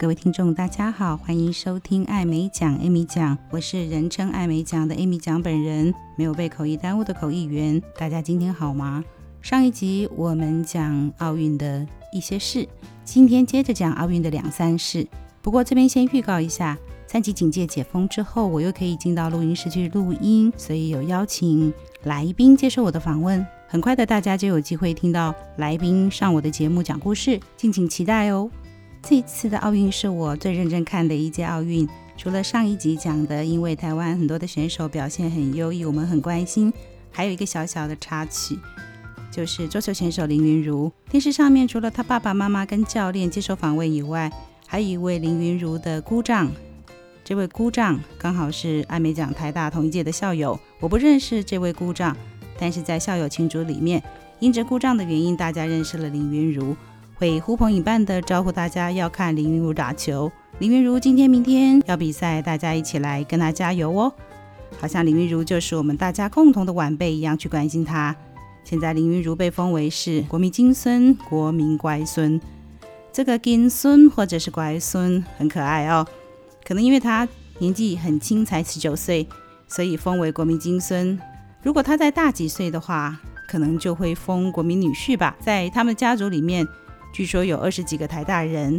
各位聽眾，大家好，歡迎收聽艾美講。艾米講，我是人稱艾美講的艾米講本人，沒有被口譯耽誤的口譯員。大家今天好嗎？上一集我們講奧運的一些事，今天接着講奧運的兩三事。不過這邊先預告一下。三級警戒解封之後，我又可以進到錄音室去錄音，所以有邀請來賓接受我的訪問。很快的，大家就有機會聽到來賓上我的節目講故事，敬請期待哦。這次的奧運是我最認真看的一屆奧運，除了上一集講的，因為台灣很多的選手表現很優異，我們很關心，還有一個小小的插曲，就是桌球選手林昀儒。電視上面除了他爸爸媽媽跟教練接受訪問以外，還有一位林昀儒的姑丈。這位姑丈剛好是艾美獎台大同一屆的校友，我不認識這位姑丈，但是在校友群組裡面，因着姑丈的原因，大家認識了林昀儒，會呼朋引伴的招呼大家要看林昀儒打球。林昀儒今天、明天要比賽，大家一起來跟他加油哦！好像林昀儒就是我們大家共同的晚輩一樣去關心他。現在林昀儒被封為是國民金孫、國民乖孫，這個金孫或者是乖孫很可愛哦。可能因為他年紀很輕，才十九歲，所以封為國民金孫。如果他再大幾歲的話，可能就會封國民女婿吧。在他們家族裡面，據說有二十幾個台大人。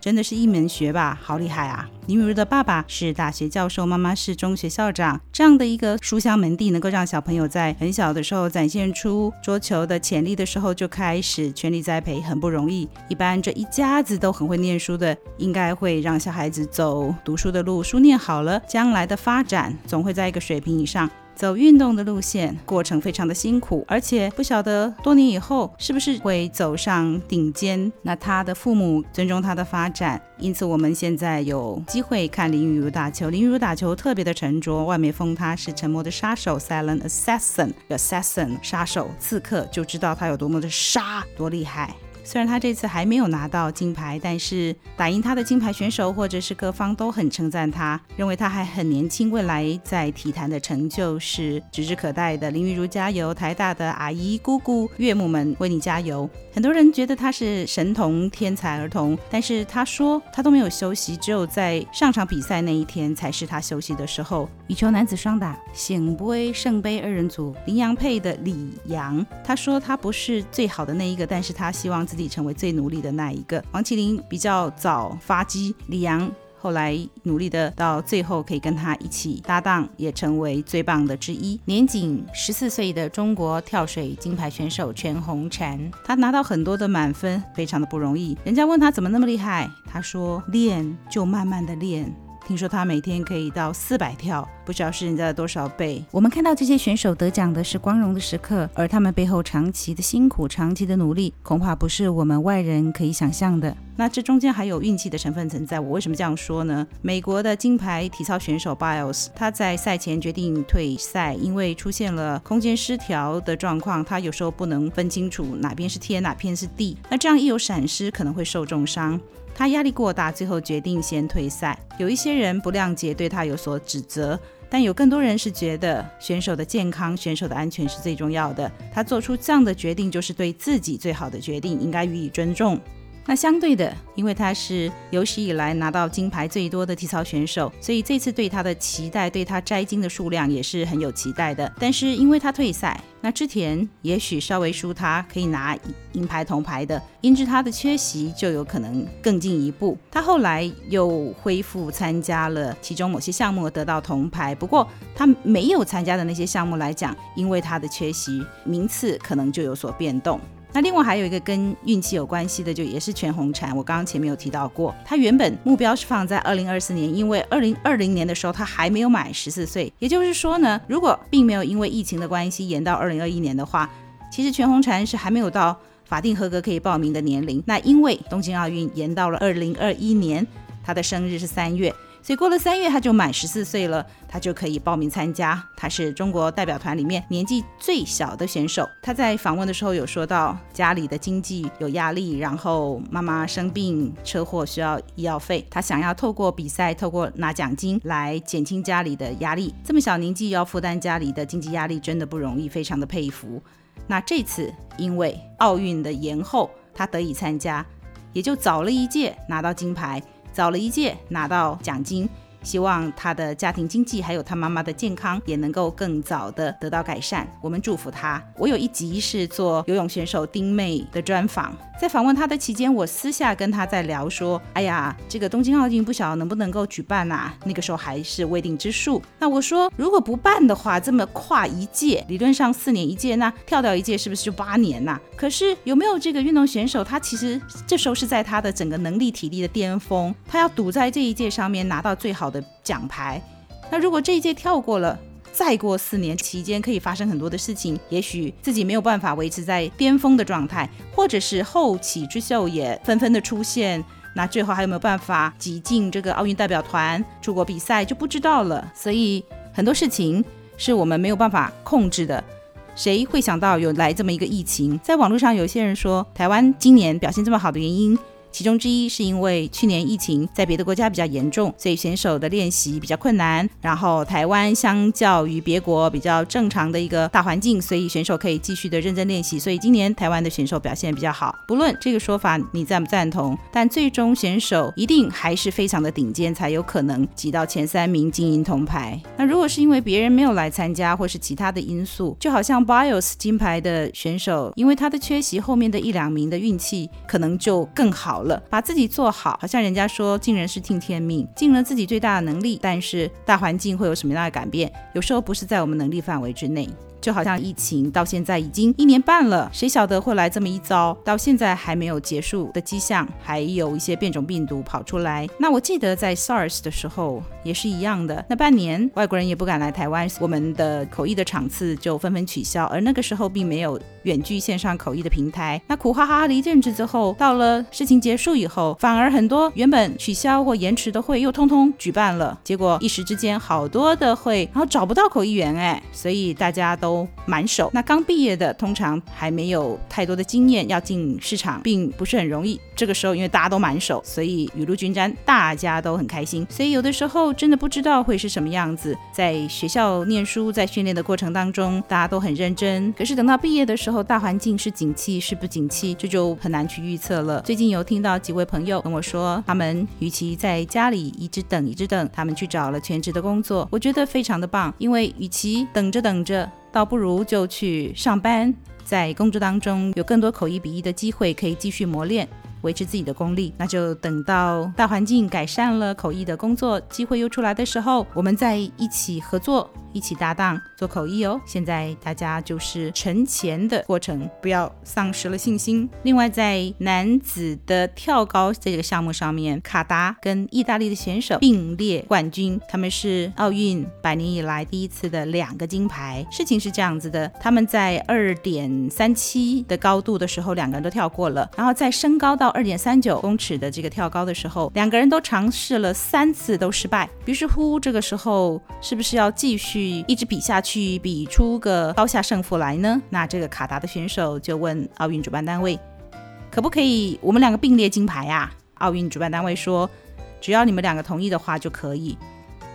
真的是一門學霸，好厲害啊！林昀儒的爸爸是大學教授，媽媽是中學校長，這樣的一個書香門第，能夠讓小朋友在很小的時候展現出桌球的潛力的時候就開始全力栽培，很不容易。一般這一家子都很會念書的，應該會讓小孩子走讀書的路，書念好了，將來的發展總會在一個水平以上。走運動的路線，過程非常的辛苦，而且不曉得多年以後是不是會走上頂尖。那他的父母尊重他的發展，因此我們現在有機會看林昀儒打球。林昀儒打球特別的沉着，外面封他是沉默的殺手 （silent assassin），assassin，Assassin，殺手、刺客，就知道他有多麼的殺，多厲害。雖然他這次還沒有拿到金牌，但是打贏他的金牌選手或者是各方都很稱讚他，認為他還很年輕，未來在體壇的成就是指日可待的。林昀儒加油！台大的阿姨、姑姑、岳母們為你加油！很多人覺得他是神童、天才兒童，但是他說他都沒有休息，只有在上場比賽那一天才是他休息的時候。羽球男子雙打，醒杯聖杯二人組麟洋配的李洋。他說他不是最好的那一個，但是他希望自己。成為最努力的那一個。王齊麟比較早發跡，李洋後來努力的到最後可以跟他一起搭檔，也成為最棒的之一。年僅十四歲的中國跳水金牌選手全紅嬋，她拿到很多的滿分，非常的不容易。人家問他怎麼那麼厲害，他說，練就慢慢的練。聽說他每天可以到四百跳，不知道是人家的多少倍。我們看到這些選手得獎的是光榮的時刻，而他們背後長期的辛苦、長期的努力，恐怕不是我們外人可以想象的。那這中間還有運氣的成分存在。我為什麼這樣說呢？美國的金牌體操選手 Biles，他在賽前決定退賽，因為出現了空間失調的狀況，他有時候不能分清楚哪邊是天，哪邊是地，那這樣一有閃失可能會受重傷。他壓力過大，最後決定先退賽。有一些人不諒解，對他有所指責，但有更多人是覺得選手的健康、選手的安全是最重要的。他做出這樣的決定，就是對自己最好的決定，應該予以尊重。那相對的，因為他是有史以來拿到金牌最多的體操選手，所以這次對他的期待，對他摘金的數量也是很有期待的。但是因為他退賽，那之前也許稍微輸他可以拿銀牌銅牌的，因之，他的缺席就有可能更進一步。他後來又恢復參加了其中某些項目，得到銅牌。不過他沒有參加的那些項目來講，因為他的缺席，名次可能就有所變動。那另外還有一個跟運氣有關係的，就也是全紅嬋。我剛剛前面有提到過，她原本目標是放在二零二四年，因為二零二零年的時候她還沒有滿十四歲。也就是說呢，如果並沒有因為疫情的關係延到二零二一年的話，其實全紅嬋是還沒有到法定合格可以報名的年齡。那因為東京奧運延到了二零二一年，她的生日是三月。所以過了三月，他就滿十四歲了，他就可以報名參加。他是中國代表團裡面年紀最小的選手。他在訪問的時候有說到，家裡的經濟有壓力，然後媽媽生病，車禍需要醫藥費。他想要透過比賽，透過拿獎金來減輕家裡的壓力。這麼小年紀要負擔家裡的經濟壓力，真的不容易，非常的佩服。那這次因為奧運的延後，他得以參加，也就早了一屆拿到金牌。找了一屆，拿到獎金。希望他的家庭經濟還有他媽媽的健康也能夠更早的得到改善。我們祝福他。我有一集是做游泳選手丁妹的專訪，在訪問他的期間，我私下跟他在聊說：“哎呀，這個東京奧運不曉得能不能夠舉辦吶、啊？那個時候還是未定之數。那我說，如果不辦的話，這麼跨一屆，理論上四年一屆，那跳掉一屆是不是就八年吶、啊？可是有沒有這個運動選手？他其實這時候是在他的整個能力體力的巔峰，他要賭在這一屆上面拿到最好。”的獎牌，那如果這一屆跳過了，再過四年期間可以發生很多的事情，也許自己沒有辦法維持在巔峰的狀態，或者是後起之秀也紛紛的出現，那最後還有沒有辦法擠進這個奧運代表團出國比賽就不知道了。所以很多事情是我們沒有辦法控制的。誰會想到有來這麼一個疫情？在網絡上有些人說，台灣今年表現這麼好的原因，其中之一是因為去年疫情在別的國家比較嚴重，所以選手的練習比較困難。然後台灣相較於別國比較正常的一個大環境，所以選手可以繼續的認真練習。所以今年台灣的選手表現比較好。不論這個說法你贊不贊同，但最終選手一定還是非常的頂尖才有可能擠到前三名、金銀銅牌。那如果是因為別人沒有來參加或是其他的因素，就好像 Biles 金牌的選手，因為他的缺席，後面的一兩名的運氣可能就更好。把自己做好，好像人家說盡人事聽天命，盡了自己最大的能力，但是大環境會有什麼樣的改變？有時候不是在我們能力範圍之內。就好像疫情到現在已經一年半了，誰曉得會來這麼一遭？到現在還沒有結束的跡象，還有一些變種病毒跑出來。那我記得在 SARS 的時候也是一樣的，那半年外國人也不敢來台灣，我們的口譯的場次就紛紛取消，而那個時候並沒有遠距線上口譯的平台。那苦哈哈的一陣子之後，到了事情結束以後，反而很多原本取消或延遲的會又通通舉辦了，結果一時之間好多的會，然後找不到口譯員哎，所以大家都。都滿手，那剛畢業的通常還沒有太多的經驗，要進市場並不是很容易。這個時候因為大家都滿手，所以雨露均霑，大家都很開心。所以有的時候真的不知道會是什麼樣子。在學校念書，在訓練的過程當中，大家都很認真。可是等到畢業的時候，大環境是景氣是不景氣，這就，就很難去預測了。最近有聽到幾位朋友跟我說，他們與其在家裡一直等一直等，他們去找了全職的工作，我覺得非常的棒，因為與其等着等着。倒不如就去上班，在工作當中有更多口譯筆譯的機會，可以繼續磨練，維持自己的功力。那就等到大環境改善了，口譯的工作機會又出來的時候，我們再一起合作。一起搭檔做口譯哦。現在大家就是沉潛的過程，不要喪失了信心。另外，在男子的跳高這個項目上面，卡達跟意大利的選手並列冠軍，他們是奧運百年以來第一次的兩個金牌。事情是這樣子的，他們在二點三七的高度的時候，兩個人都跳過了，然後在升高到二點三九公尺的這個跳高的時候，兩個人都嘗試了三次都失敗。於是乎，這個時候是不是要繼續？去一直比下去，比出個高下勝負來呢？那這個卡達的選手就問奧運主辦單位，可不可以我們兩個並列金牌呀啊？奧運主辦單位說，只要你們兩個同意的話就可以，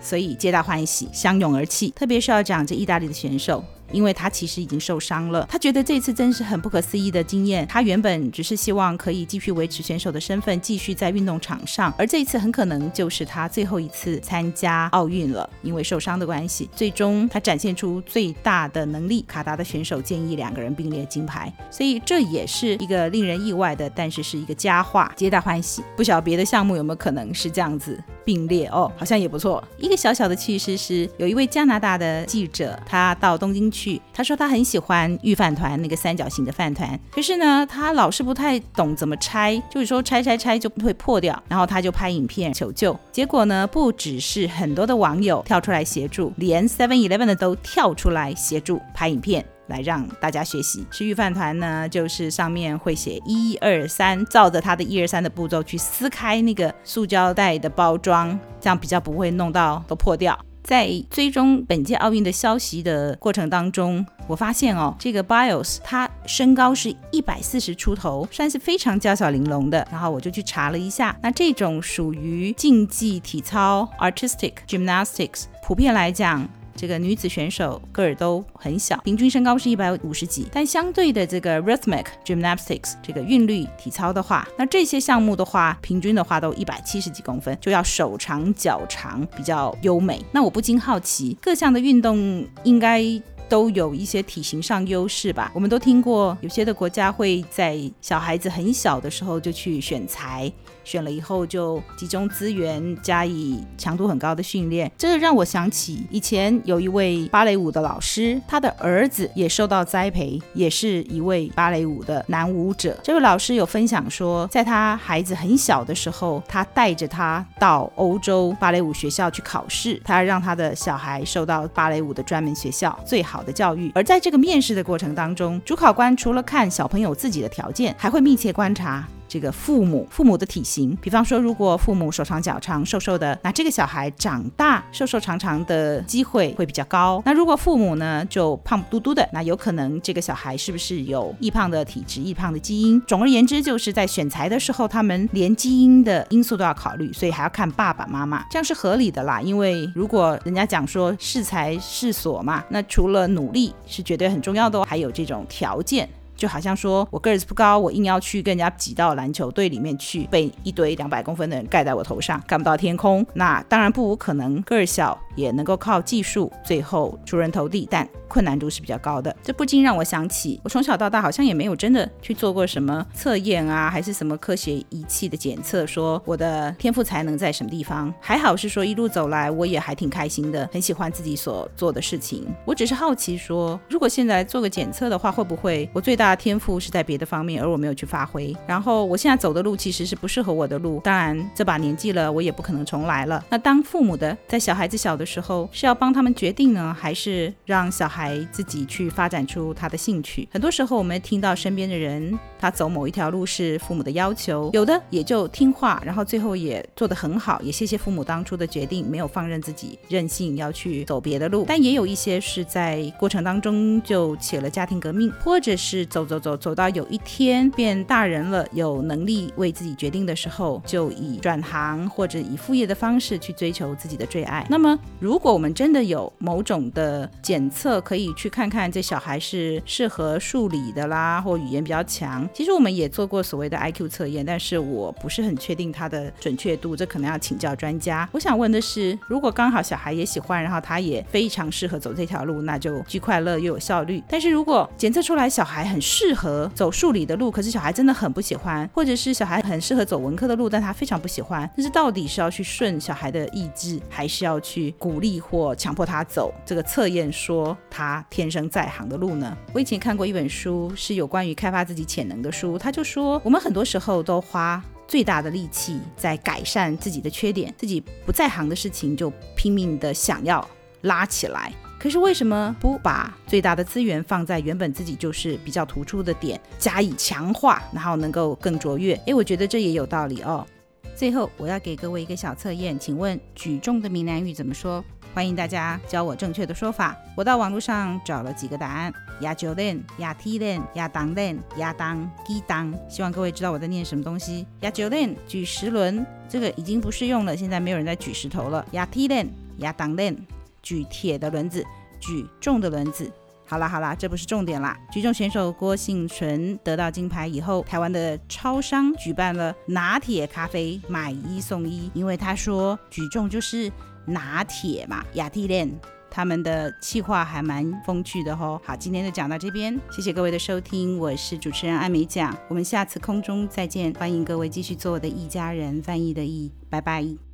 所以皆大歡喜，相擁而泣。特別是要講這意大利的選手。因為他其實已經受傷了，他覺得這次真是很不可思議的經驗。他原本只是希望可以繼續維持選手的身份，繼續在運動場上，而這一次很可能就是他最後一次參加奧運了，因為受傷的關係。最終他展現出最大的能力。卡達的選手建議兩個人並列金牌，所以這也是一個令人意外的，但是是一個佳話，皆大歡喜。不曉得別的項目有沒有可能是這樣子並列哦，好像也不錯。一個小小的趣事是，有一位加拿大的記者，他到東京去。他說他很喜歡御飯糰那個三角形的飯糰，可是呢，他老是不太懂怎麼拆，就是說拆拆拆就會破掉，然後他就拍影片求救。結果呢，不只是很多的網友跳出來協助，連 Seven Eleven 的都跳出來協助拍影片來讓大家學習吃御飯糰呢，就是上面會寫一、二、三，照着他的一、二、三的步驟去撕開那個塑膠袋的包裝，這樣比較不會弄到都破掉。在追蹤本屆奧運的消息的過程當中，我發現哦，這個 Biles 他身高是一百四十出頭，算是非常嬌小玲瓏的。然後我就去查了一下，那這種屬於競技體操 （artistic gymnastics），普遍來講。這個女子選手個兒都很小，平均身高是一百五十幾。但相對的，這個 Rhythmic Gymnastics 這個韻律體操的話，那這些項目的話，平均的話都一百七十幾公分，就要手長腳長，比較優美。那我不禁好奇，各項的運動應該都有一些體型上優勢吧？我們都聽過，有些的國家會在小孩子很小的時候就去選材。選了以後就集中資源，加以強度很高的訓練。這讓我想起以前有一位芭蕾舞的老師，他的兒子也受到栽培，也是一位芭蕾舞的男舞者。這位老師有分享說，在他孩子很小的時候，他帶着他到歐洲芭蕾舞學校去考試，他讓他的小孩受到芭蕾舞的專門學校最好的教育。而在這個面試的過程當中，主考官除了看小朋友自己的條件，還會密切觀察，這個父母父母的體型，比方說，如果父母手長腳長，瘦瘦的，那這個小孩長大瘦瘦長長的機會會比較高。那如果父母呢就胖嘟嘟的，那有可能這個小孩是不是有易胖的體質、易胖的基因？總而言之，就是在選材的時候，他們連基因的因素都要考慮，所以還要看爸爸媽媽，這樣是合理的啦。因為如果人家講說適才適所嘛，那除了努力是絕對很重要的，還有這種條件。就好像說我個子不高，我硬要去跟人家擠到籃球隊裡面去，被一堆兩百公分的人蓋在我頭上，看不到天空。那當然不無可能，個兒小也能夠靠技術最後出人頭地，但困難度是比較高的。這不禁讓我想起，我從小到大好像也沒有真的去做過什麼測驗啊，還是什麼科學儀器的檢測，說我的天賦才能在什麼地方。還好是說一路走來，我也還挺開心的，很喜歡自己所做的事情。我只是好奇說，如果現在做個檢測的話，會不會我最大？他天賦是在別的方面，而我沒有去發揮。然後我現在走的路其實是不適合我的路。當然，這把年紀了，我也不可能重來了。那當父母的，在小孩子小的時候，是要幫他們決定呢，還是讓小孩自己去發展出他的興趣？很多時候，我們聽到身邊的人。他走某一條路是父母的要求，有的也就聽話，然後最後也做得很好，也謝謝父母當初的決定，沒有放任自己任性要去走別的路。但也有一些是在過程當中就起了家庭革命，或者是走走走走到有一天變大人了，有能力為自己決定的時候，就以轉行或者以副業的方式去追求自己的最愛。那麼如果我們真的有某種的檢測，可以去看看這小孩是適合數理的啦，或語言比較強。其實我們也做過所謂的 IQ 測驗，但是我不是很確定它的準確度，這可能要請教專家。我想問的是，如果剛好小孩也喜歡，然後他也非常適合走這條路，那就既快樂又有效率。但是如果檢測出來小孩很適合走數理的路，可是小孩真的很不喜歡，或者是小孩很適合走文科的路，但他非常不喜歡，但是到底是要去順小孩的意志，還是要去鼓勵或強迫他走這個測驗說他天生在行的路呢？我以前看過一本書，是有關於開發自己潛能。的書，他就說，我們很多時候都花最大的力氣在改善自己的缺點，自己不在行的事情就拼命的想要拉起來。可是為什麼不把最大的資源放在原本自己就是比較突出的點加以強化，然後能夠更卓越？誒，我覺得這也有道理哦。最後，我要給各位一個小測驗，請問舉重的閩南語怎麼說？歡迎大家教我正確的說法。我到網絡上找了幾個答案：亞球鏈、亞梯鏈、亞檔鏈、亞檔、幾檔。希望各位知道我在念什麼東西。亞球鏈，舉石輪，這個已經不適用了，現在沒有人在舉石頭了。亞梯鏈、亞檔鏈，舉鐵的輪子，舉重的輪子。好啦好啦，這不是重點啦。舉重選手郭婞淳得到金牌以後，台灣的超商舉辦了拿鐵咖啡買一送一，因為他說舉重就是。拿鐵嘛，亞蒂戀，他們的企劃還蠻風趣的吼。好，今天就講到這邊，謝謝各位的收聽，我是主持人艾美醬，我們下次空中再見，歡迎各位繼續做我的譯家人，翻譯的譯，拜拜。